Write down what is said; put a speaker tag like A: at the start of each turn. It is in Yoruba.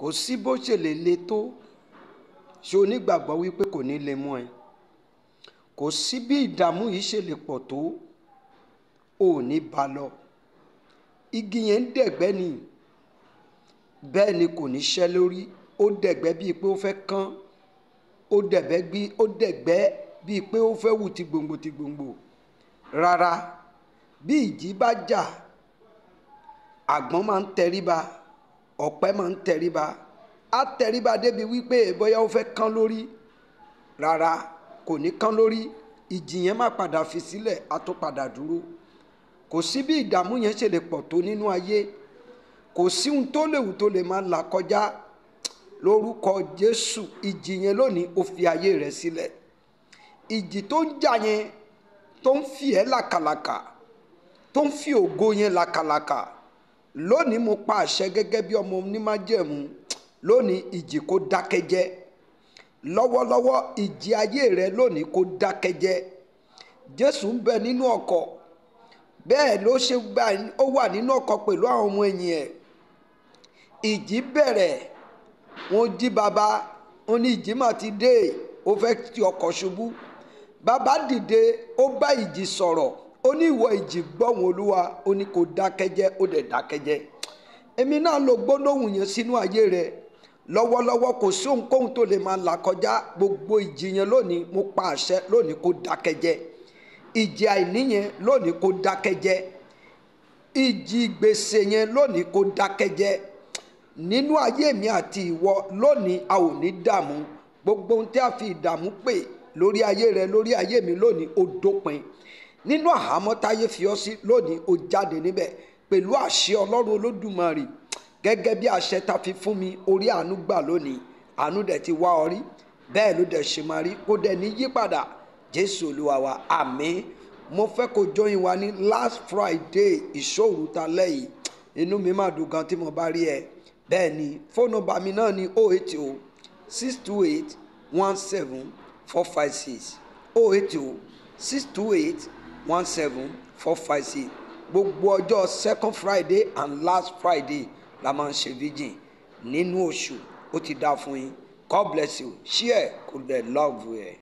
A: kò sí bó ṣe lè le tó ṣe onígbàgbọ́ wípé kò ní lè mú ẹ kò sí bí ìdààmú yìí ṣe lè pọ̀ tó ò ní bá lọ igi yẹn ń dẹ̀gbẹ́ ni bẹ́ẹ̀ ni kò ní ṣẹ́ lórí ó dẹ̀gbẹ́ bíi pé ó fẹ́ kán ó dẹ̀gbẹ́ bí ó dẹ̀gbẹ́ bíi pé ó fẹ́ wù ti gbòǹgbò ti gbòǹgbò rárá bí ìjì bá jà àgbọ̀n máa ń tẹríba ọ̀pẹ máa ń tẹríba á tẹríba débi wípé bóyá ó fẹ́ kán lórí rárá kò ní kán lórí ìjì yẹn má padà fi sílẹ̀ á tó padà dúró kò sí bí ìdààmú yẹn ṣe lè pọ̀ tó nínú ayé kò sí ohun tó léwu tó lè máa là kọjá lórúkọ Jésù ìjì lónìí ó fi ayé rẹ̀ sílẹ̀ ìjì tó ń jà yẹn tó ń fi ẹ́ làkàlàkà tó ń fi ògo yẹn làkàlàkà lónìí mo pa àṣẹ gẹ́gẹ́ bí ọmọ onímájẹ̀mú lónìí ìjì kó dákẹ́jẹ́ lọ́wọ́lọ́wọ́ ìjì ayé rẹ lónìí kó dákẹ́jẹ́ jésù ń bẹ nínú ọkọ̀ bẹ́ẹ̀ ló ṣe gbà ó wà nínú ọkọ̀ pẹ̀lú àwọn ọmọ ẹ̀yìn ẹ̀ ìjì bẹ̀rẹ̀ wọ́n jí baba wọ́n ní ìjì mà ti dé ó fẹ́ ti ọkọ̀ ṣubú baba dìde ó bá ìjì sọ̀rọ̀ ó ní ìwọ ìjì gbọ́hùn olúwa ó ní kò dákẹ́jẹ́ ó dẹ̀ dákẹ́jẹ́ èmi náà lo gbólóhùn yẹn sínú ayé rẹ lọ́wọ́lọ́wọ́ kò sí ohunkóhun tó lè máa là kọjá gbogbo ìjì yẹn lónìí mo pa àṣẹ lónìí kò dákẹ́jẹ́ ìjì àìní yẹn lónìí kò dákẹ́jẹ́ ìjì gbèsè yẹn lónìí kò dákẹ́jẹ́ nínú ayé mi àti ìwọ lónìí a ò ní dààmú gbogbo ohun tí a fi ìdààmú pè lórí ayé rẹ lórí ayé mi lónìí ó dópin nínú àhámọ́ táyé fi ọ́ sí lónìí o jáde níbẹ̀ pẹ̀lú àṣẹ ọlọ́run olódùmarè gẹ́gẹ́ bí àṣẹ ta fi fún mi orí àánú gbà lónìí àánú dẹ̀ ti wá ọ rí bẹ́ẹ̀ ló dẹ̀ ṣe máa rí kó dẹ̀ ní yípadà jésù olúwa wa mo fẹ́ kó join wa ní last friday ìṣòro ta lẹ́yìn inú mi máa dùn gan tí mo bá rí ẹ bẹ́ẹ̀ ni fóònù nọ́mbà mi náà ni 080 628 17 one seven four five six gbogbo ọjọ́ second friday and last friday la máa ń ṣe virgin nínú oṣù ó ti dáa fún yín god bless you share kò dẹ̀ love ẹ̀.